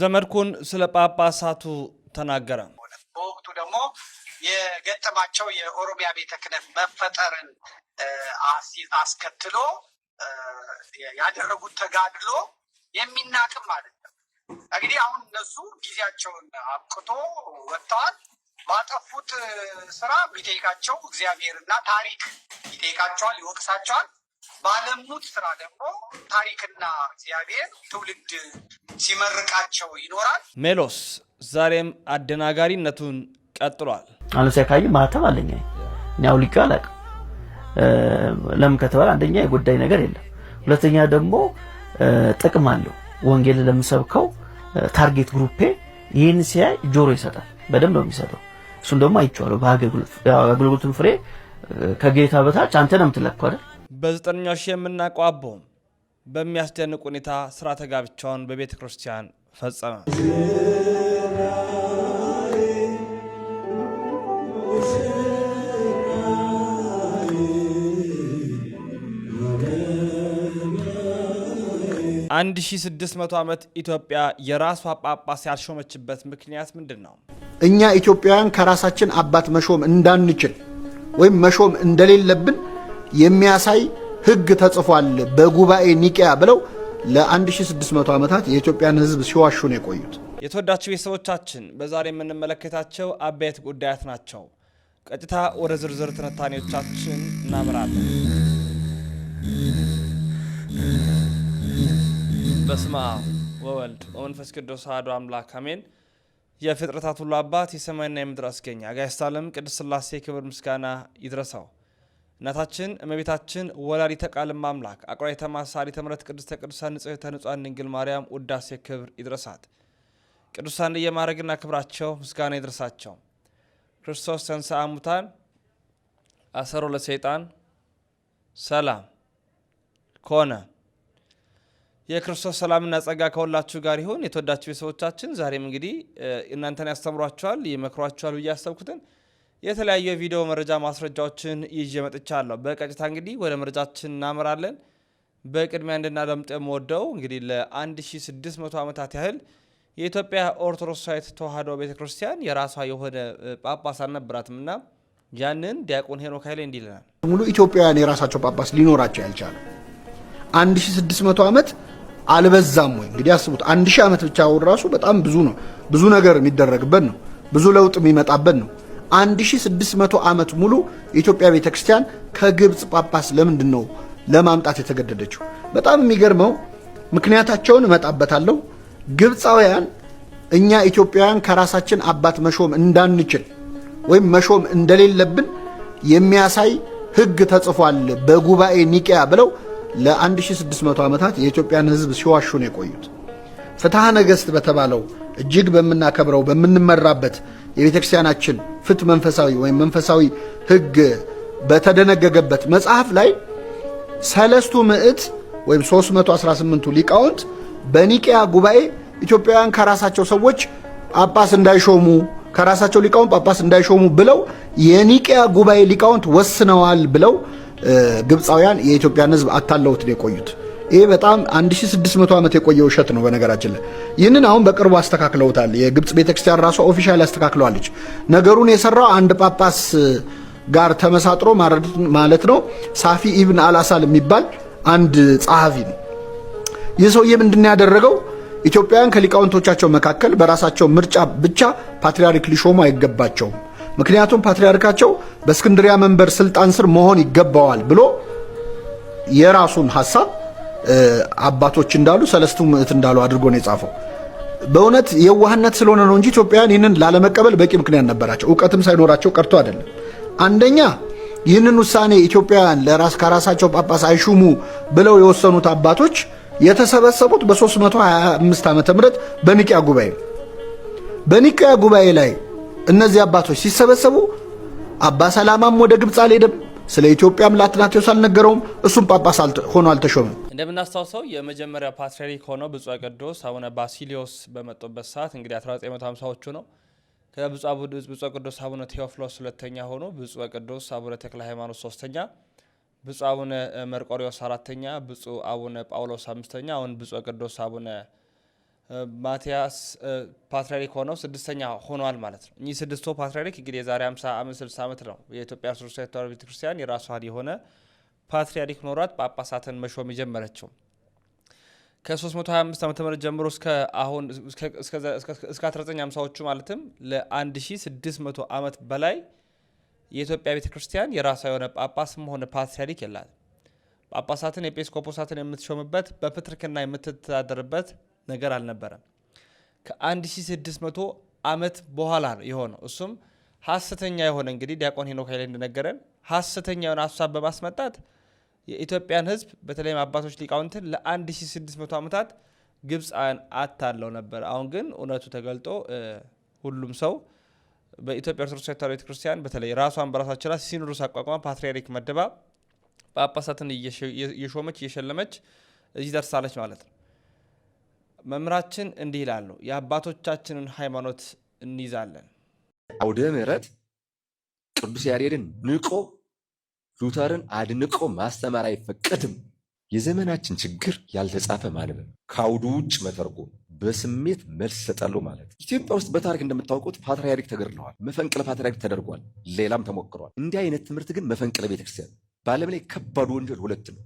ዘመድኩን ስለ ጳጳሳቱ ተናገረ። በወቅቱ ደግሞ የገጠማቸው የኦሮሚያ ቤተ ክህነት መፈጠርን አስከትሎ ያደረጉት ተጋድሎ የሚናቅም ማለት ነው። እንግዲህ አሁን እነሱ ጊዜያቸውን አብቅቶ ወጥተዋል። ባጠፉት ስራ ቢጠይቃቸው እግዚአብሔርና ታሪክ ይጠይቃቸዋል፣ ይወቅሳቸዋል። ባለሙት ስራ ደግሞ ታሪክና እግዚአብሔር ትውልድ ሲመርቃቸው ይኖራል። ሜሎስ ዛሬም አደናጋሪነቱን ቀጥሏል። አለሲያካይ ማህተብ አለኛ እኔ አውልቄ አላውቅም። ለምን ከተባለ አንደኛ የጉዳይ ነገር የለም፣ ሁለተኛ ደግሞ ጥቅም አለው። ወንጌል ለምሰብከው ታርጌት ግሩፔ ይህን ሲያይ ጆሮ ይሰጣል። በደንብ ነው የሚሰጠው። እሱን ደግሞ አይቼዋለሁ። በአገልግሎቱን ፍሬ ከጌታ በታች አንተ ነው አይደል በዘጠነኛው ሺህ የምናውቀው በሚያስደንቅ ሁኔታ ስራ ጋብቻውን በቤተ ክርስቲያን ፈጸመ። አንድ ሺ ስድስት መቶ ዓመት ኢትዮጵያ የራሷ ጳጳስ ያልሾመችበት ምክንያት ምንድን ነው? እኛ ኢትዮጵያውያን ከራሳችን አባት መሾም እንዳንችል ወይም መሾም እንደሌለብን የሚያሳይ ሕግ ተጽፏል በጉባኤ ኒቅያ ብለው ለ1600 ዓመታት የኢትዮጵያን ሕዝብ ሲዋሹ ነው የቆዩት። የተወዳችሁ ቤተሰቦቻችን በዛሬ የምንመለከታቸው አበይት ጉዳያት ናቸው። ቀጥታ ወደ ዝርዝር ትንታኔዎቻችን እናምራለን። በስመ አብ ወወልድ ወመንፈስ ቅዱስ አሐዱ አምላክ አሜን። የፍጥረታት ሁሉ አባት የሰማይና የምድር አስገኛ ጋይስታለም ቅድስት ሥላሴ ክብር ምስጋና ይድረሰው። እናታችን እመቤታችን ወላዲተ ቃል ማምላክ አቁራይ ተማሳሪ ተምረት ቅድስተ ቅዱሳን ንጽሕተ ንጹሐን ድንግል ማርያም ውዳሴ ክብር ይድረሳት። ቅዱሳን እየማድረግና ክብራቸው ምስጋና ይድረሳቸው። ክርስቶስ ተንሥአ እሙታን አሰሮ ለሰይጣን ሰላም ኮነ። የክርስቶስ ሰላምና ጸጋ ከሁላችሁ ጋር ይሁን። የተወዳችሁ ቤተሰቦቻችን ዛሬም እንግዲህ እናንተን ያስተምሯችኋል፣ ይመክሯችኋል ብዬ ያሰብኩትን የተለያዩ የቪዲዮ መረጃ ማስረጃዎችን ይዤ መጥቻለሁ። በቀጥታ እንግዲህ ወደ መረጃችን እናመራለን። በቅድሚያ እንድናደምጥ የምወደው እንግዲህ ለ1600 ዓመታት ያህል የኢትዮጵያ ኦርቶዶክሳዊት ተዋህዶ ቤተ ክርስቲያን የራሷ የሆነ ጳጳስ አልነበራትም እና ያንን ዲያቆን ሄኖክ ኃይሌ እንዲህ ይለናል። ሙሉ ኢትዮጵያውያን የራሳቸው ጳጳስ ሊኖራቸው ያልቻለ 1600 ዓመት አልበዛም ወይ? እንግዲህ አስቡት። 1000 ዓመት ብቻ ራሱ በጣም ብዙ ነው። ብዙ ነገር የሚደረግበት ነው። ብዙ ለውጥ የሚመጣበት ነው። 1600 ዓመት ሙሉ የኢትዮጵያ ቤተ ክርስቲያን ከግብፅ ጳጳስ ለምንድን ነው ለማምጣት የተገደደችው? በጣም የሚገርመው ምክንያታቸውን እመጣበታለሁ። ግብፃውያን እኛ ኢትዮጵያውያን ከራሳችን አባት መሾም እንዳንችል ወይም መሾም እንደሌለብን የሚያሳይ ሕግ ተጽፏል በጉባኤ ኒቅያ ብለው ለ1600 ዓመታት የኢትዮጵያን ሕዝብ ሲዋሹ ነው የቆዩት። ፍትሐ ነገሥት በተባለው እጅግ በምናከብረው በምንመራበት የቤተ ክርስቲያናችን ፍትህ መንፈሳዊ ወይም መንፈሳዊ ሕግ በተደነገገበት መጽሐፍ ላይ ሰለስቱ ምዕት ወይም 318ቱ ሊቃውንት በኒቅያ ጉባኤ ኢትዮጵያውያን ከራሳቸው ሰዎች ጳጳስ እንዳይሾሙ ከራሳቸው ሊቃውንት ጳጳስ እንዳይሾሙ ብለው የኒቅያ ጉባኤ ሊቃውንት ወስነዋል ብለው ግብፃውያን የኢትዮጵያን ሕዝብ አታለውት የቆዩት። ይሄ በጣም 1600 ዓመት የቆየ ውሸት ነው። በነገራችን ላይ ይህንን አሁን በቅርቡ አስተካክለውታል። የግብፅ ቤተክርስቲያን ራሷ ኦፊሻል አስተካክለዋለች። ነገሩን የሰራው አንድ ጳጳስ ጋር ተመሳጥሮ ማለት ነው ሳፊ ኢብን አልአሳል የሚባል አንድ ጸሐፊ ነው። ይህ ሰውዬ ምንድን ያደረገው ኢትዮጵያውያን ከሊቃውንቶቻቸው መካከል በራሳቸው ምርጫ ብቻ ፓትሪያርክ ሊሾሙ አይገባቸውም፣ ምክንያቱም ፓትሪያርካቸው በእስክንድሪያ መንበር ስልጣን ስር መሆን ይገባዋል ብሎ የራሱን ሀሳብ አባቶች እንዳሉ ሰለስቱ ምዕት እንዳሉ አድርጎ ነው የጻፈው። በእውነት የዋህነት ስለሆነ ነው እንጂ ኢትዮጵያውያን ይህንን ላለመቀበል በቂ ምክንያት ነበራቸው። እውቀትም ሳይኖራቸው ቀርቶ አይደለም። አንደኛ ይህንን ውሳኔ ኢትዮጵያውያን ለራስ ከራሳቸው ጳጳስ አይሹሙ ብለው የወሰኑት አባቶች የተሰበሰቡት በ325 ዓ ም በኒቅያ ጉባኤ በኒቅያ ጉባኤ ላይ እነዚህ አባቶች ሲሰበሰቡ አባ ሰላማም ወደ ግብፅ አልሄደም። ስለ ኢትዮጵያም ለአትናቴዎስ አልነገረውም። እሱም ጳጳስ ሆኖ አልተሾመም። እንደምናስታውሰው የመጀመሪያ ፓትርያርክ ሆነው ብፁዕ ቅዱስ አቡነ ባሲሊዮስ በመጡበት ሰዓት እንግዲህ 1950ዎቹ ነው። ከብፁዕ ቅዱስ አቡነ ቴዎፍሎስ ሁለተኛ ሆኑ፣ ብፁዕ ቅዱስ አቡነ ተክለ ሃይማኖት ሶስተኛ፣ ብፁዕ አቡነ መርቆሪዎስ አራተኛ፣ ብፁዕ አቡነ ጳውሎስ አምስተኛ፣ አሁን ብፁዕ ቅዱስ አቡነ ማቲያስ ፓትርያርክ ሆነው ስድስተኛ ሆኗል ማለት ነው። እኚህ ስድስቱ ፓትርያርክ እንግዲህ የዛሬ 50 ዓመት 60 ዓመት ነው የኢትዮጵያ ኦርቶዶክስ ተዋሕዶ ቤተክርስቲያን የራሷን የሆነ ፓትሪያሪክ ኖሯት ጳጳሳትን መሾም የጀመረችው ከ325 ዓ ም ጀምሮ እስከአሁን እስከ 1950ዎቹ ማለትም ለ1600 ዓመት በላይ የኢትዮጵያ ቤተ ክርስቲያን የራሷ የሆነ ጳጳስም ሆነ ፓትሪያሪክ የላት። ጳጳሳትን ኤጲስቆጶሳትን የምትሾምበት በፕትርክና የምትተዳደርበት ነገር አልነበረም። ከ1600 ዓመት በኋላ የሆነው እሱም ሀሰተኛ የሆነ እንግዲህ ዲያቆን ሄኖክ ኃይሌ እንደነገረን ሀሰተኛውን ሀሳብ በማስመጣት የኢትዮጵያን ህዝብ በተለይም አባቶች ሊቃውንትን ለ1600 ዓመታት ግብፃውያን አታለው ነበር። አሁን ግን እውነቱ ተገልጦ ሁሉም ሰው በኢትዮጵያ ኦርቶዶክስ ተዋሕዶ ቤተክርስቲያን በተለይ ራሷን በራሷ ላ ሲኖዶስ አቋቋማ፣ ፓትርያርክ መደባ ጳጳሳትን እየሾመች እየሸለመች እዚህ ደርሳለች ማለት ነው። መምህራችን እንዲህ ይላሉ፣ የአባቶቻችንን ሃይማኖት እንይዛለን አውደ ምሕረት ቅዱስ ያሬድን ንቆ ሉተርን አድንቆ ማስተማር አይፈቀድም። የዘመናችን ችግር ያልተጻፈ ማንበብ፣ ከአውዱ ውጭ መተርጎ በስሜት መልስ ይሰጣሉ ማለት። ኢትዮጵያ ውስጥ በታሪክ እንደምታውቁት ፓትርያርክ ተገድለዋል፣ መፈንቅለ ፓትርያርክ ተደርጓል፣ ሌላም ተሞክሯል። እንዲህ አይነት ትምህርት ግን መፈንቅለ ቤተክርስቲያን። በዓለም ላይ ከባዱ ወንጀል ሁለት ነው።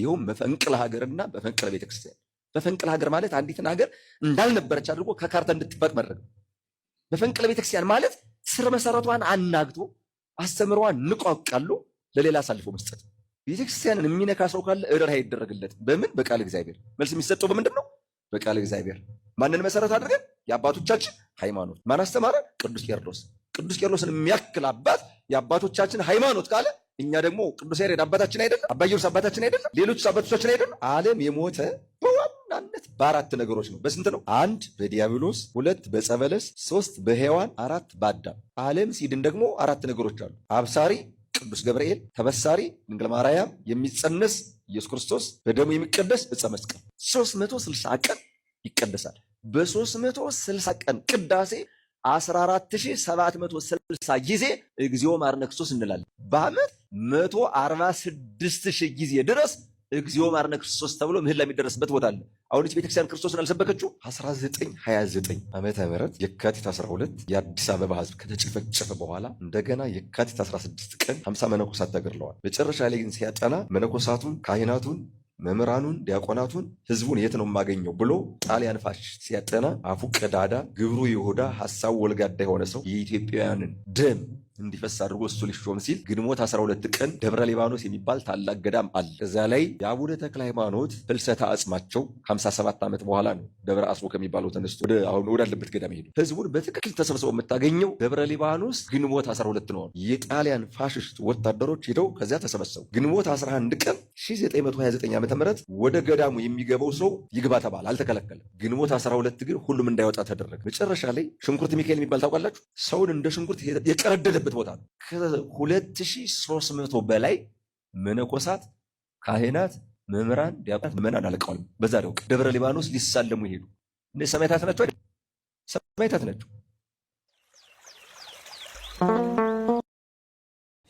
ይኸውም መፈንቅለ ሀገርና መፈንቅለ ቤተክርስቲያን። መፈንቅለ ሀገር ማለት አንዲትን ሀገር እንዳልነበረች አድርጎ ከካርታ እንድትፋቅ ማድረግ። መፈንቅለ ቤተክርስቲያን ማለት ስር መሰረቷን አናግቶ አስተምሯን ንቆ አውቃሉ ለሌላ አሳልፎ መስጠት ቤተክርስቲያንን የሚነካ ሰው ካለ ርኅራኄ ይደረግለት። በምን? በቃል እግዚአብሔር። መልስ የሚሰጠው በምንድን ነው? በቃል እግዚአብሔር። ማንን መሰረት አድርገን? የአባቶቻችን ሃይማኖት። ማን አስተማረ? ቅዱስ ቄርሎስ። ቅዱስ ቄርሎስን የሚያክል አባት የአባቶቻችን ሃይማኖት ካለ እኛ ደግሞ ቅዱስ ያሬድ አባታችን አይደለም? አባየሩስ አባታችን አይደለም? ሌሎች አባቶቻችን አይደለም? ዓለም የሞተ በዋናነት በአራት ነገሮች ነው። በስንት ነው? አንድ በዲያብሎስ፣ ሁለት በጸበለስ፣ ሶስት በሔዋን፣ አራት በአዳም። ዓለም ሲድን ደግሞ አራት ነገሮች አሉ። አብሳሪ ቅዱስ ገብርኤል፣ ተበሳሪ ድንግል ማርያም፣ የሚጸነስ ኢየሱስ ክርስቶስ፣ በደሙ የሚቀደስ ዕፀ መስቀል። 360 ቀን ይቀደሳል። በ360 ቀን ቅዳሴ 14760 ጊዜ እግዚኦ መሐረነ ክርስቶስ እንላለን። በዓመት 146000 ጊዜ ድረስ እግዚኦ ማርነ ክርስቶስ ተብሎ ምህላ የሚደረስበት ቦታ አለ። አሁን ቤተክርስቲያን ክርስቶስን አልሰበከችው 1929 ዓመተ ምህረት የካቲት 12 የአዲስ አበባ ህዝብ ከተጨፈጨፈ በኋላ እንደገና የካቲት 16 ቀን 50 መነኮሳት ተገድለዋል። መጨረሻ ላይ ግን ሲያጠና መነኮሳቱን፣ ካህናቱን መምህራኑን ዲያቆናቱን ህዝቡን የት ነው የማገኘው ብሎ ጣሊያን ፋሽ ሲያጠና አፉ ቀዳዳ ግብሩ ይሁዳ ሀሳቡ ወልጋዳ የሆነ ሰው የኢትዮጵያውያንን ደም እንዲፈስ አድርጎ እሱ ሊሾም ሲል ግንቦት 12 ቀን ደብረ ሊባኖስ የሚባል ታላቅ ገዳም አለ። እዛ ላይ የአቡነ ተክለ ሃይማኖት ፍልሰታ አጽማቸው 57 ዓመት በኋላ ነው ደብረ አስቦ ከሚባለው ተነስቶ አሁን ወዳለበት ገዳም ሄዱ። ህዝቡን በትክክል ተሰብስበው የምታገኘው ደብረ ሊባኖስ ግንቦት 12 ነው። የጣሊያን ፋሽስት ወታደሮች ሄደው ከዚያ ተሰበሰቡ። ግንቦት 11 ቀን 1929 ዓ ም ወደ ገዳሙ የሚገባው ሰው ይግባ ተባለ፣ አልተከለከለም። ግንቦት 12 ግን ሁሉም እንዳይወጣ ተደረገ። መጨረሻ ላይ ሽንኩርት ሚካኤል የሚባል ታውቃላችሁ? ሰውን እንደ ሽንኩርት የቀረደደ ያለበት ቦታ ነው። ከሁለት ሺህ ሦስት መቶ በላይ መነኮሳት፣ ካህናት፣ መምህራን፣ ዲያቆናት፣ ምዕመናን አለቀዋል። በዛ ቀን ደብረ ሊባኖስ ሊሳለሙ ይሄዱ። እነዚህ ሰማዕታት ናቸው። ሰማዕታት ናቸው።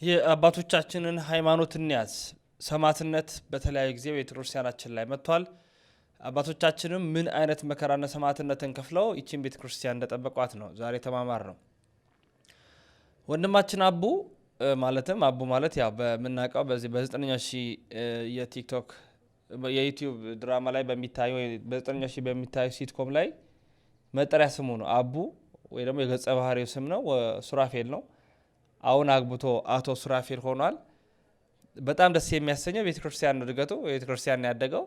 የአባቶቻችንን ሃይማኖት እንያዝ። ሰማዕትነት በተለያዩ ጊዜ ቤተክርስቲያናችን ላይ መጥቷል። አባቶቻችንም ምን አይነት መከራና ሰማዕትነትን ከፍለው ይችን ቤተክርስቲያን እንደጠበቋት ነው ዛሬ ተማማር ነው። ወንድማችን አቡ ማለትም አቡ ማለት ያው በምናውቀው በዚህ በዘጠነኛ ሺ የቲክቶክ የዩቲዩብ ድራማ ላይ በሚታየው በዘጠነኛ ሺ በሚታየው ሲትኮም ላይ መጠሪያ ስሙ ነው አቡ ወይ ደግሞ የገጸ ባህሪው ስም ነው። ሱራፌል ነው። አሁን አግብቶ አቶ ሱራፌል ሆኗል። በጣም ደስ የሚያሰኘው ቤተክርስቲያን እድገቱ ቤተክርስቲያን ያደገው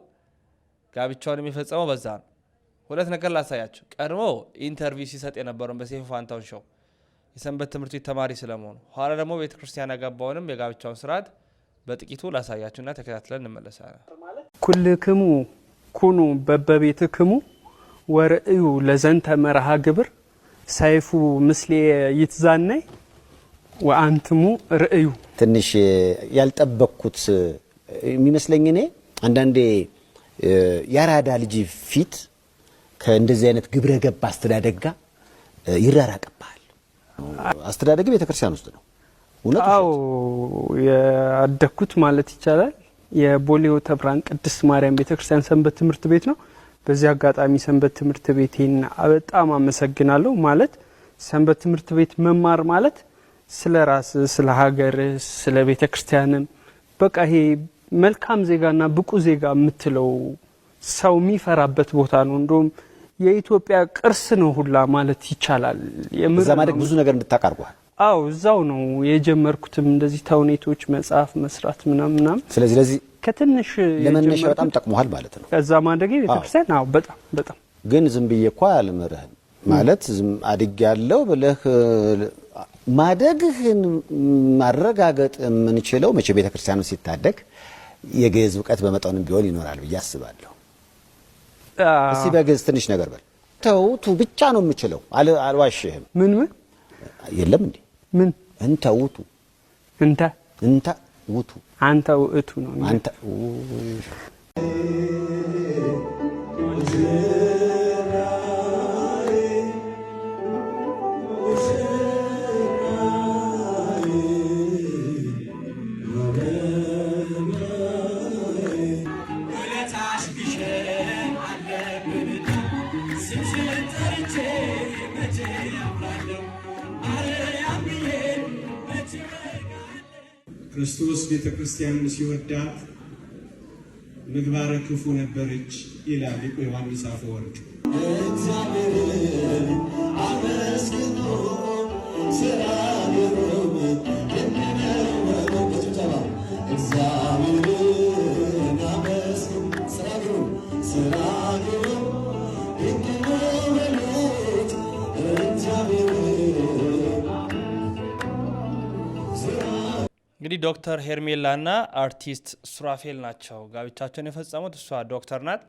ጋብቻውን የሚፈጸመው በዛ ነው። ሁለት ነገር ላሳያቸው። ቀድሞ ኢንተርቪው ሲሰጥ የነበረውን በሴፍ ፋንታውን ሾው የሰንበት ትምህርት ቤት ተማሪ ስለመሆኑ ኋላ ደግሞ ቤተ ክርስቲያን ያጋባውንም የጋብቻውን ስርዓት በጥቂቱ ላሳያችሁና ተከታትለን እንመለሳለን። ኩልክሙ ኩኑ ክሙ ወርእዩ ለዘንተ መርሃ ግብር ሰይፉ ምስሌ ይትዛናይ ወአንትሙ ርእዩ። ትንሽ ያልጠበቅኩት የሚመስለኝ እኔ አንዳንዴ የአራዳ ልጅ ፊት ከእንደዚህ አይነት ግብረ ገብ አስተዳደግ ጋር ይራራቅባል። አስተዳደግ ቤተክርስቲያን ውስጥ ነው። አዎ ያደግኩት ማለት ይቻላል የቦሌው ተብራን ቅድስት ማርያም ቤተክርስቲያን ሰንበት ትምህርት ቤት ነው። በዚህ አጋጣሚ ሰንበት ትምህርት ቤቴን በጣም አመሰግናለሁ። ማለት ሰንበት ትምህርት ቤት መማር ማለት ስለ ራስ፣ ስለ ሀገር፣ ስለ ቤተክርስቲያንም በቃ ይሄ መልካም ዜጋና ብቁ ዜጋ የምትለው ሰው የሚፈራበት ቦታ ነው። እንደውም የኢትዮጵያ ቅርስ ነው ሁላ ማለት ይቻላል። እዛ ማደግ ብዙ ነገር እንድታቃርጓል። አዎ እዛው ነው የጀመርኩትም እንደዚህ ተውኔቶች መጽሐፍ መስራት ምናምን ምናምን። ስለዚህ ለዚህ ከትንሽ ለመነሻ በጣም ጠቅሞሃል ማለት ነው። ከዛ ማደግ ቤተክርስቲያን። አዎ በጣም በጣም ግን ዝም ብዬ እኮ አልምርህም ማለት ዝም አድግ ያለው ብለህ ማደግህን ማረጋገጥ የምንችለው መቼ ቤተክርስቲያኑ ሲታደግ የግዕዝ እውቀት በመጠኑም ቢሆን ይኖራል ብዬ አስባለሁ። እስቲ በግዝ ትንሽ ነገር በል። ተው ቱ ብቻ ነው የምችለው፣ አልዋሽህም። ምን ምን የለም እንዴ ምን እንተ ውቱ እንተ እንተ ውቱ አንተ ውእቱ ነው አንተ ቤተ ክርስቲያንን ሲወዳት ምግባረ ክፉ ነበረች ይላል ሊቁ ዮሐንስ አፈወርቅ። እንግዲህ ዶክተር ሄርሜላና አርቲስት ሱራፌል ናቸው ጋብቻቸውን የፈጸሙት። እሷ ዶክተር ናት፣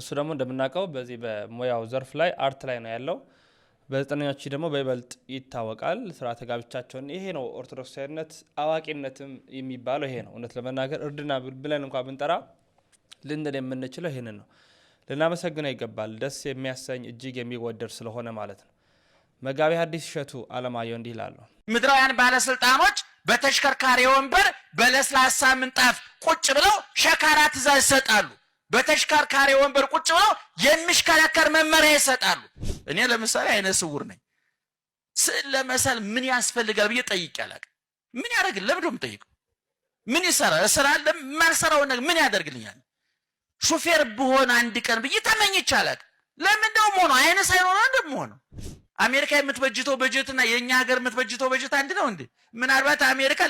እሱ ደግሞ እንደምናውቀው በዚህ በሙያው ዘርፍ ላይ አርት ላይ ነው ያለው። በዘጠነኞች ደግሞ በይበልጥ ይታወቃል ስርዓተ ጋብቻቸውን። ይሄ ነው ኦርቶዶክሳዊነት አዋቂነትም የሚባለው ይሄ ነው። እውነት ለመናገር እርድና ብለን እንኳ ብንጠራ ልንል የምንችለው ይህንን ነው። ልናመሰግነው ይገባል። ደስ የሚያሰኝ እጅግ የሚወደድ ስለሆነ ማለት ነው። መጋቢ ሐዲስ እሸቱ አለማየሁ እንዲህ ይላሉ። ምድራውያን ባለስልጣኖች በተሽከርካሪ ወንበር በለስላሳ ምንጣፍ ቁጭ ብለው ሸካራ ትእዛዝ ይሰጣሉ። በተሽከርካሪ ወንበር ቁጭ ብለው የሚሽከረከር መመሪያ ይሰጣሉ። እኔ ለምሳሌ አይነ ስውር ነኝ። ስዕል ለመሳል ምን ያስፈልጋል ብዬ ጠይቄ አላውቅም። ምን ያደርግል? ለምንድን ነው የምጠይቀው? ምን ይሰራ ስራ የማልሰራውን ነገር ምን ያደርግልኛል? ሹፌር ብሆን አንድ ቀን ብዬ ተመኝቼ አላውቅም። ለምን ደሞ ሆኖ አይነ ሳይኖረ ደሞ ሆነው አሜሪካ የምትበጅተው በጀት እና የእኛ ሀገር የምትበጅተው በጀት አንድ ነው እንዴ? ምናልባት አሜሪካ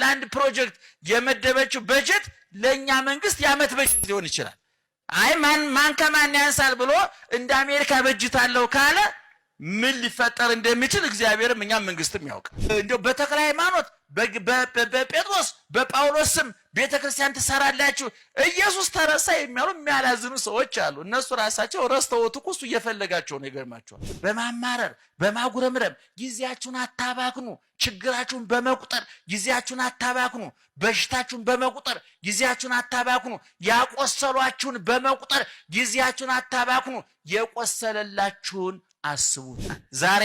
ለአንድ ፕሮጀክት የመደበችው በጀት ለእኛ መንግስት የአመት በጀት ሊሆን ይችላል። አይ ማን ከማን ያንሳል ብሎ እንደ አሜሪካ በጅታለሁ ካለ ምን ሊፈጠር እንደሚችል እግዚአብሔርም እኛም መንግስትም ያውቅ። እንዲያው በተክለ ሃይማኖት፣ በጴጥሮስ፣ በጳውሎስ ስም ቤተ ክርስቲያን ትሰራላችሁ፣ ኢየሱስ ተረሳ የሚያሉ የሚያላዝኑ ሰዎች አሉ። እነሱ ራሳቸው ረስተውት እኮ እሱ እየፈለጋቸው ነው። ይገርማቸዋል። በማማረር በማጉረምረም ጊዜያችሁን አታባክኑ። ችግራችሁን በመቁጠር ጊዜያችሁን አታባክኑ። በሽታችሁን በመቁጠር ጊዜያችሁን አታባክኑ። ያቆሰሏችሁን በመቁጠር ጊዜያችሁን አታባክኑ። የቆሰለላችሁን አስቡ። ዛሬ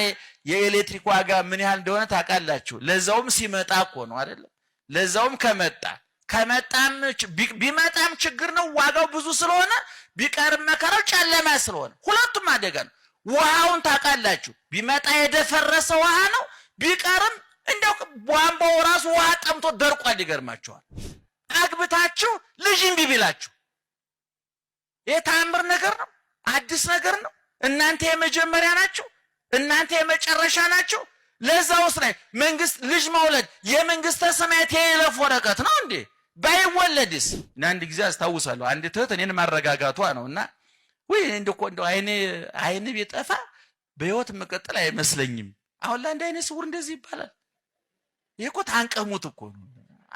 የኤሌክትሪክ ዋጋ ምን ያህል እንደሆነ ታውቃላችሁ? ለዛውም ሲመጣ እኮ ነው አይደለም? ለዛውም ከመጣ ከመጣም ቢመጣም ችግር ነው። ዋጋው ብዙ ስለሆነ ቢቀርም መከራው ጨለማ ስለሆነ ሁለቱም አደጋ ነው። ውሃውን ታውቃላችሁ? ቢመጣ የደፈረሰ ውሃ ነው። ቢቀርም እንደው ቧንቧው ራሱ ውሃ ጠምቶ ደርቋል። ይገርማችኋል። አግብታችሁ ልጅ እምቢ ቢላችሁ ነገር ነው። አዲስ ነገር ነው። እናንተ የመጀመሪያ ናችሁ፣ እናንተ የመጨረሻ ናችሁ። ለዛ ውስጥ ላይ መንግስት ልጅ መውለድ የመንግስተ ሰማያት የይለፍ ወረቀት ነው እንዴ? ባይወለድስ? አንድ ጊዜ አስታውሳለሁ አንድ ትህት እኔን ማረጋጋቷ ነው እና ወይ እንደ አይን ቢጠፋ በህይወት መቀጠል አይመስለኝም። አሁን ለአንድ አይነ ስውር እንደዚህ ይባላል። ይህ እኮ ታንቀሙት እኮ ነው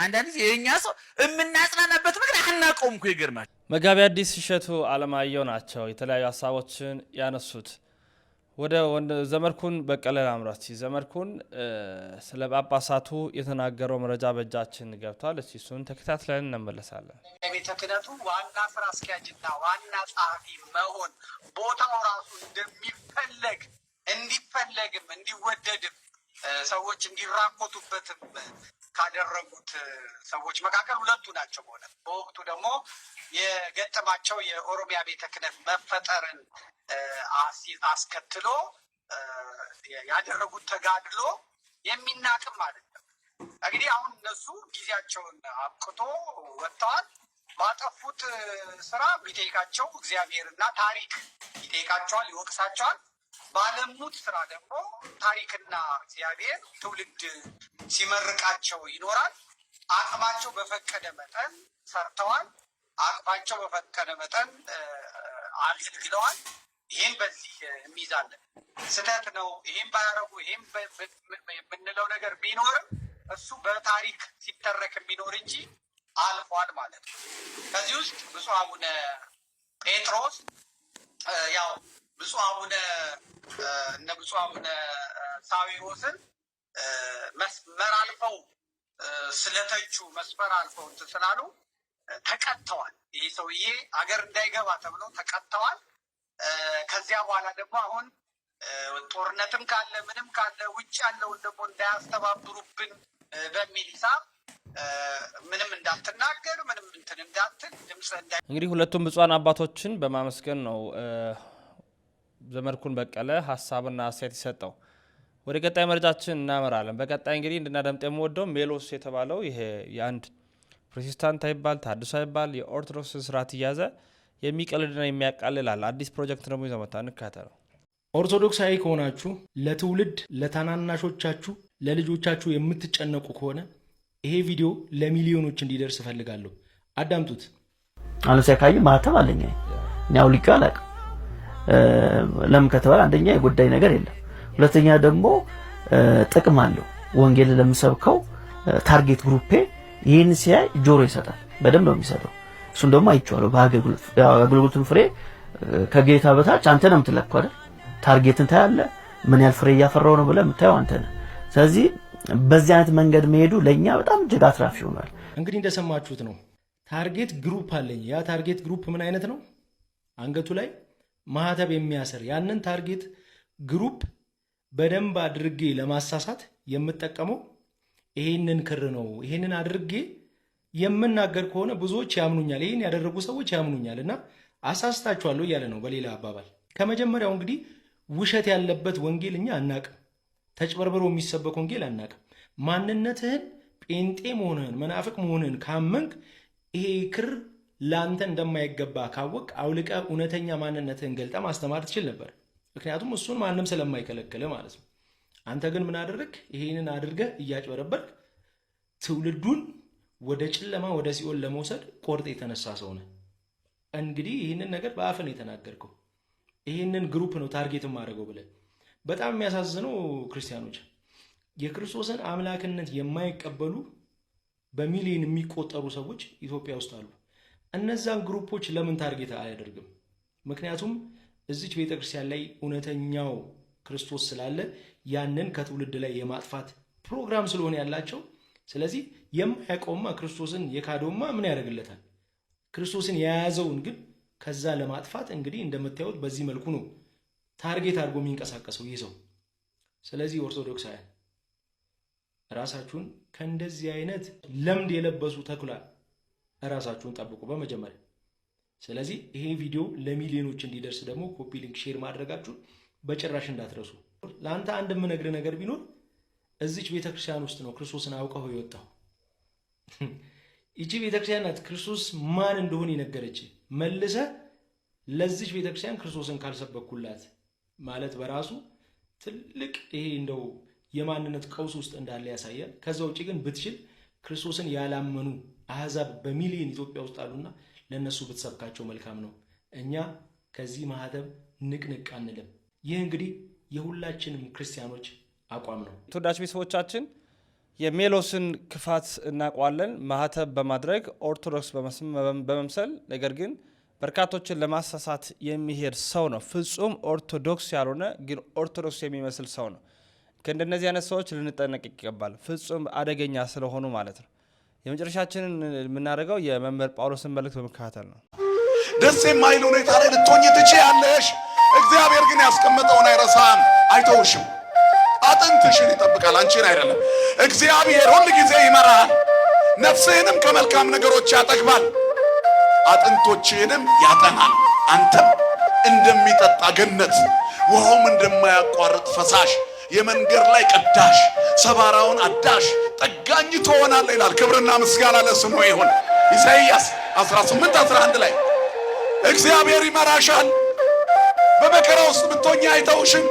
አንዳንድ ጊዜ የኛ ሰው የምናጽናናበት ምክንያት አናውቀውም እኮ ይገርማል። መጋቢ አዲስ እሸቱ አለማየሁ ናቸው የተለያዩ ሀሳቦችን ያነሱት። ወደ ዘመድኩን በቀለ ላምራት፣ ዘመድኩን ስለ ጳጳሳቱ የተናገረው መረጃ በእጃችን ገብቷል። እስኪ እሱን ተከታትለን እንመለሳለን። የቤተ ክህነቱ ዋና ስራ አስኪያጅና ዋና ጸሐፊ መሆን ቦታው ራሱ እንደሚፈለግ እንዲፈለግም እንዲወደድም ሰዎች እንዲራኮቱበትም ካደረጉት ሰዎች መካከል ሁለቱ ናቸው። በሆነ በወቅቱ ደግሞ የገጠማቸው የኦሮሚያ ቤተ ክህነት መፈጠርን አስከትሎ ያደረጉት ተጋድሎ የሚናቅም ማለት ነው። እንግዲህ አሁን እነሱ ጊዜያቸውን አብቅቶ ወጥተዋል። ባጠፉት ስራ ቢጠይቃቸው እግዚአብሔርና ታሪክ ይጠይቃቸዋል፣ ይወቅሳቸዋል። ባለሙት ስራ ደግሞ ታሪክና እግዚአብሔር ትውልድ ሲመርቃቸው ይኖራል። አቅማቸው በፈቀደ መጠን ሰርተዋል። አቅማቸው በፈቀደ መጠን አገልግለዋል። ይህን በዚህ የሚይዛለን ስህተት ነው ይህም ባያረጉ ይህም የምንለው ነገር ቢኖርም እሱ በታሪክ ሲተረክ የሚኖር እንጂ አልፏል ማለት ነው። ከዚህ ውስጥ ብፁዕ አቡነ ጴጥሮስ ያው ብፁ አቡነ እነ ብፁ አቡነ ሳዊሮስን መስመር አልፈው ስለተቹ መስመር አልፈው እንትን ስላሉ ተቀጥተዋል። ይህ ሰውዬ አገር እንዳይገባ ተብሎ ተቀጥተዋል። ከዚያ በኋላ ደግሞ አሁን ጦርነትም ካለ ምንም ካለ ውጭ ያለውን ደግሞ እንዳያስተባብሩብን በሚል ሂሳብ ምንም እንዳትናገር ምንም እንትን እንዳትል ድምፅ እንግዲህ ሁለቱም ብፁዓን አባቶችን በማመስገን ነው ዘመድኩን በቀለ ሀሳብና አስተያየት የሰጠው። ወደ ቀጣይ መረጃችን እናመራለን። በቀጣይ እንግዲህ እንድናደምጥ የምወደው ሜሎስ የተባለው ይሄ የአንድ ፕሮቴስታንት አይባል ታድሶ አይባል የኦርቶዶክስ ስርዓት እያዘ የሚቀልድና የሚያቃልላል አዲስ ፕሮጀክት ደግሞ ይዘመታ እንካተ ነው። ኦርቶዶክሳዊ ከሆናችሁ ለትውልድ ለታናናሾቻችሁ፣ ለልጆቻችሁ የምትጨነቁ ከሆነ ይሄ ቪዲዮ ለሚሊዮኖች እንዲደርስ እፈልጋለሁ። አዳምጡት። አነስ ያካይ ማተብ አለኛ ኒያው ሊቀ አላውቅም ለምን ከተባለ አንደኛ የጉዳይ ነገር የለም፣ ሁለተኛ ደግሞ ጥቅም አለው። ወንጌል ለምሰብከው ታርጌት ግሩፔ ይህን ሲያይ ጆሮ ይሰጣል። በደንብ ነው የሚሰጠው። እሱን ደግሞ አይቼዋለሁ። በአገልግሎቱን ፍሬ ከጌታ በታች አንተ ነው ምትለኳለ። አይደል? ታርጌትን ታያለህ። ምን ያህል ፍሬ እያፈራው ነው ብለህ የምታየው አንተ ነህ። ስለዚህ በዚህ አይነት መንገድ መሄዱ ለእኛ በጣም እጅግ አትራፊ ሆኗል። እንግዲህ እንደሰማችሁት ነው። ታርጌት ግሩፕ አለኝ። ያ ታርጌት ግሩፕ ምን አይነት ነው? አንገቱ ላይ ማህተብ የሚያስር ያንን ታርጌት ግሩፕ በደንብ አድርጌ ለማሳሳት የምጠቀመው ይሄንን ክር ነው። ይሄንን አድርጌ የምናገር ከሆነ ብዙዎች ያምኑኛል፣ ይህን ያደረጉ ሰዎች ያምኑኛል እና አሳስታችኋለሁ እያለ ነው። በሌላ አባባል ከመጀመሪያው እንግዲህ ውሸት ያለበት ወንጌል እኛ አናቅም። ተጭበርብሮ የሚሰበክ ወንጌል አናቅም። ማንነትህን ጴንጤ መሆንህን መናፍቅ መሆንህን ካመንክ ይሄ ክር ለአንተ እንደማይገባ ካወቅ አውልቀ እውነተኛ ማንነትህን ገልጠ ማስተማር ትችል ነበር። ምክንያቱም እሱን ማንም ስለማይከለክል ማለት ነው። አንተ ግን ምን አደረግ? ይህንን አድርገህ እያጭበረበርክ ትውልዱን ወደ ጨለማ ወደ ሲኦል ለመውሰድ ቆርጥ የተነሳ ሰው ነህ። እንግዲህ ይህንን ነገር በአፍን የተናገርከው ይህንን ግሩፕ ነው ታርጌትም ማድረገው ብለህ በጣም የሚያሳዝነው ክርስቲያኖች የክርስቶስን አምላክነት የማይቀበሉ በሚሊዮን የሚቆጠሩ ሰዎች ኢትዮጵያ ውስጥ አሉ። እነዛን ግሩፖች ለምን ታርጌት አያደርግም? ምክንያቱም እዚች ቤተክርስቲያን ላይ እውነተኛው ክርስቶስ ስላለ ያንን ከትውልድ ላይ የማጥፋት ፕሮግራም ስለሆነ ያላቸው። ስለዚህ የማያውቀውማ ክርስቶስን የካዶማ ምን ያደርግለታል? ክርስቶስን የያዘውን ግን ከዛ ለማጥፋት እንግዲህ እንደምታዩት በዚህ መልኩ ነው ታርጌት አድርጎ የሚንቀሳቀሰው ይዘው ስለዚህ ኦርቶዶክሳውያን ራሳችሁን ከእንደዚህ አይነት ለምድ የለበሱ ተኩላ እራሳችሁን ጠብቁ በመጀመሪያ። ስለዚህ ይሄን ቪዲዮ ለሚሊዮኖች እንዲደርስ ደግሞ ኮፒ ሊንክ ሼር ማድረጋችሁን በጭራሽ እንዳትረሱ። ለአንተ አንድ የምነግርህ ነገር ቢኖር እዚች ቤተክርስቲያን ውስጥ ነው ክርስቶስን አውቀው የወጣው። ይቺ ቤተክርስቲያን ናት ክርስቶስ ማን እንደሆነ የነገረች። መልሰ ለዚች ቤተክርስቲያን ክርስቶስን ካልሰበኩላት ማለት በራሱ ትልቅ ይሄ እንደው የማንነት ቀውስ ውስጥ እንዳለ ያሳያል። ከዛ ውጭ ግን ብትችል ክርስቶስን ያላመኑ አህዛብ በሚሊዮን ኢትዮጵያ ውስጥ አሉና ለእነሱ ብትሰብካቸው መልካም ነው። እኛ ከዚህ ማህተብ ንቅንቅ አንልም። ይህ እንግዲህ የሁላችንም ክርስቲያኖች አቋም ነው። ተወዳጅ ቤተሰቦቻችን የሜሎስን ክፋት እናውቀዋለን። ማህተብ በማድረግ ኦርቶዶክስ በመምሰል ነገር ግን በርካቶችን ለማሳሳት የሚሄድ ሰው ነው። ፍጹም ኦርቶዶክስ ያልሆነ ግን ኦርቶዶክስ የሚመስል ሰው ነው። ከእንደነዚህ አይነት ሰዎች ልንጠነቅ ይገባል፣ ፍጹም አደገኛ ስለሆኑ ማለት ነው። የመጨረሻችንን የምናደርገው የመምህር ጳውሎስን መልእክት በመከታተል ነው። ደስ የማይል ሁኔታ ላይ ልትሆኝ ያለሽ፣ እግዚአብሔር ግን ያስቀመጠውን አይረሳም፣ አይተውሽም። አጥንትሽን ይጠብቃል፣ አንቺን አይደለም። እግዚአብሔር ሁል ጊዜ ይመራል፣ ነፍስህንም ከመልካም ነገሮች ያጠግባል፣ አጥንቶችህንም ያጠናል። አንተም እንደሚጠጣ ገነት ውሃውም እንደማያቋርጥ ፈሳሽ የመንገድ ላይ ቀዳሽ፣ ሰባራውን አዳሽ፣ ጠጋኝ ትሆናለህ ይላል። ክብርና ምስጋና ለስሙ ይሁን። ኢሳይያስ 18 11 ላይ እግዚአብሔር ይመራሻል። በመከራ ውስጥ ብትሆኚ አይተውሽም፣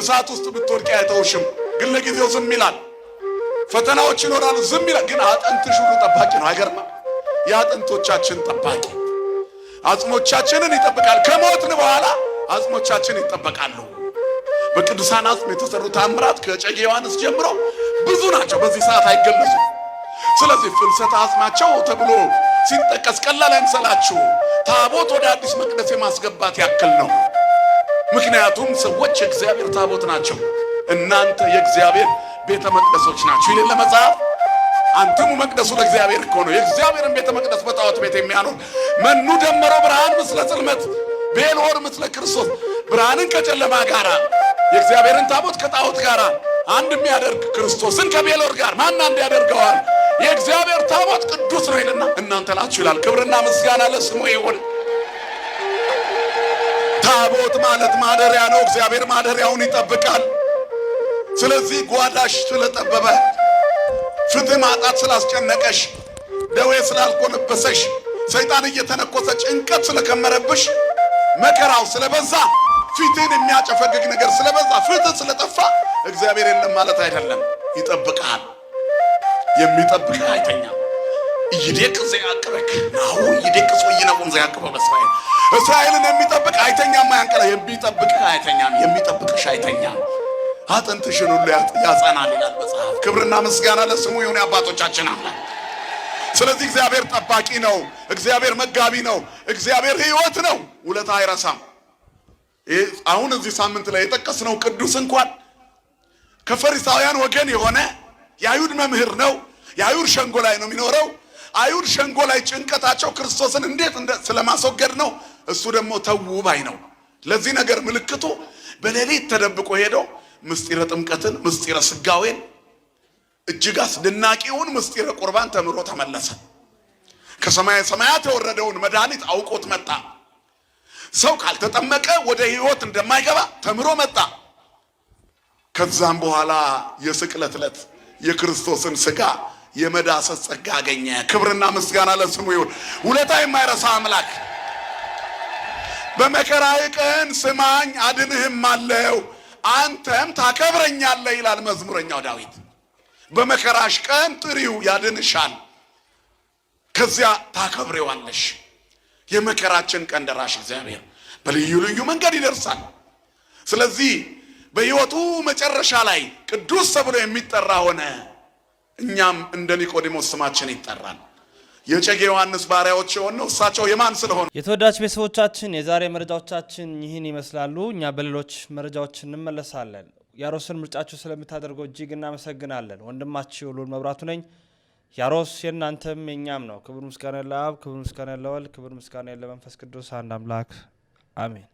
እሳት ውስጥ ብትወድቅ አይተውሽም። ግን ለጊዜው ዝም ይላል። ፈተናዎች ይኖራሉ፣ ዝም ይላል። ግን አጥንትሽ ሁሉ ጠባቂ ነው። አይገርም? የአጥንቶቻችን ጠባቂ አጽሞቻችንን ይጠብቃል። ከሞትን በኋላ አጽሞቻችን ይጠበቃሉ። በቅዱሳናት የተሰሩ ታምራት ከጨጌ ዮሐንስ ጀምሮ ብዙ ናቸው፣ በዚህ ሰዓት አይገለጹም። ስለዚህ ፍልሰተ አጽማቸው ተብሎ ሲጠቀስ ቀላል አይምሰላችሁ። ታቦት ወደ አዲስ መቅደስ የማስገባት ያክል ነው። ምክንያቱም ሰዎች የእግዚአብሔር ታቦት ናቸው፣ እናንተ የእግዚአብሔር ቤተ መቅደሶች ናችሁ ይል ለመጽሐፍ አንትሙ መቅደሱ ለእግዚአብሔር እኮ ነው። የእግዚአብሔርን ቤተ መቅደስ በጣዖት ቤት የሚያኖር መኑ ደመረው ብርሃን ምስለ ጽልመት ቤልሆር ምስለ ክርስቶስ ብርሃንን ከጨለማ ጋር የእግዚአብሔርን ታቦት ከጣዖት ጋር አንድ የሚያደርግ ክርስቶስን ከቤሎር ጋር ማን አንድ ያደርገዋል? የእግዚአብሔር ታቦት ቅዱስ ነው ይልና እናንተ ላችሁ ይላል። ክብርና ምስጋና ለስሙ ይሁን። ታቦት ማለት ማደሪያ ነው። እግዚአብሔር ማደሪያውን ይጠብቃል። ስለዚህ ጓዳሽ ስለጠበበ፣ ፍትህ ማጣት ስላስጨነቀሽ፣ ደዌ ስላልጎነበሰሽ፣ ሰይጣን እየተነኮሰ ጭንቀት ስለከመረብሽ፣ መከራው ስለበዛ ፊትን የሚያጨፈግግ ነገር ስለበዛ ፍትህ ስለጠፋ እግዚአብሔር የለም ማለት አይደለም። ይጠብቃል። የሚጠብቅህ አይተኛም። ይደቅስ ዘያቅበክ ናሁ ይደቅስ ወይነቁም ዘያቅበ በእስራኤል እስራኤልን የሚጠብቅ አይተኛም፣ አያንቀላ የሚጠብቅህ አይተኛም፣ የሚጠብቅሽ አይተኛም። አጥንትሽን ሁሉ ያጸናል ይላል መጽሐፍ። ክብርና ምስጋና ለስሙ ይሁን አባቶቻችን አምላክ። ስለዚህ እግዚአብሔር ጠባቂ ነው። እግዚአብሔር መጋቢ ነው። እግዚአብሔር ሕይወት ነው። ውለታ አይረሳም። አሁን እዚህ ሳምንት ላይ የጠቀስነው ቅዱስ እንኳን ከፈሪሳውያን ወገን የሆነ የአይሁድ መምህር ነው። የአይሁድ ሸንጎ ላይ ነው የሚኖረው። አይሁድ ሸንጎ ላይ ጭንቀታቸው ክርስቶስን እንዴት ስለማስወገድ ነው። እሱ ደግሞ ተው ባይ ነው። ለዚህ ነገር ምልክቱ በሌሊት ተደብቆ ሄዶ ምስጢረ ጥምቀትን፣ ምስጢረ ስጋዌን፣ እጅግ አስደናቂውን ምስጢረ ቁርባን ተምሮ ተመለሰ። ከሰማየ ሰማያት የወረደውን መድኃኒት አውቆት መጣ። ሰው ካልተጠመቀ ወደ ህይወት እንደማይገባ ተምሮ መጣ። ከዛም በኋላ የስቅለት ዕለት የክርስቶስን ስጋ የመዳሰስ ጸጋ አገኘ። ክብርና ምስጋና ለስሙ ይሁን። ውለታ የማይረሳ አምላክ በመከራዬ ቀን ስማኝ አድንህም አለው አንተም ታከብረኛለህ ይላል መዝሙረኛው ዳዊት። በመከራሽ ቀን ጥሪው ያድንሻል፣ ከዚያ ታከብሬዋለሽ። የመከራችን ቀን ደራሽ እግዚአብሔር በልዩ ልዩ መንገድ ይደርሳል። ስለዚህ በሕይወቱ መጨረሻ ላይ ቅዱስ ተብሎ የሚጠራ ሆነ። እኛም እንደ ኒቆዲሞስ ስማችን ይጠራል። የጨጌ ዮሐንስ ባሪያዎች የሆነው እሳቸው የማን ስለሆነ። የተወዳጅ ቤተሰቦቻችን የዛሬ መረጃዎቻችን ይህን ይመስላሉ። እኛ በሌሎች መረጃዎች እንመለሳለን። ያሮስን ምርጫችሁ ስለምታደርገው እጅግ እናመሰግናለን። ወንድማችሁ ሉል መብራቱ ነኝ። ያሮስ የእናንተም የኛም ነው። ክብር ምስጋና ለአብ፣ ክብር ምስጋና ለወልድ፣ ክብር ምስጋና ለመንፈስ ቅዱስ አንድ አምላክ አሜን።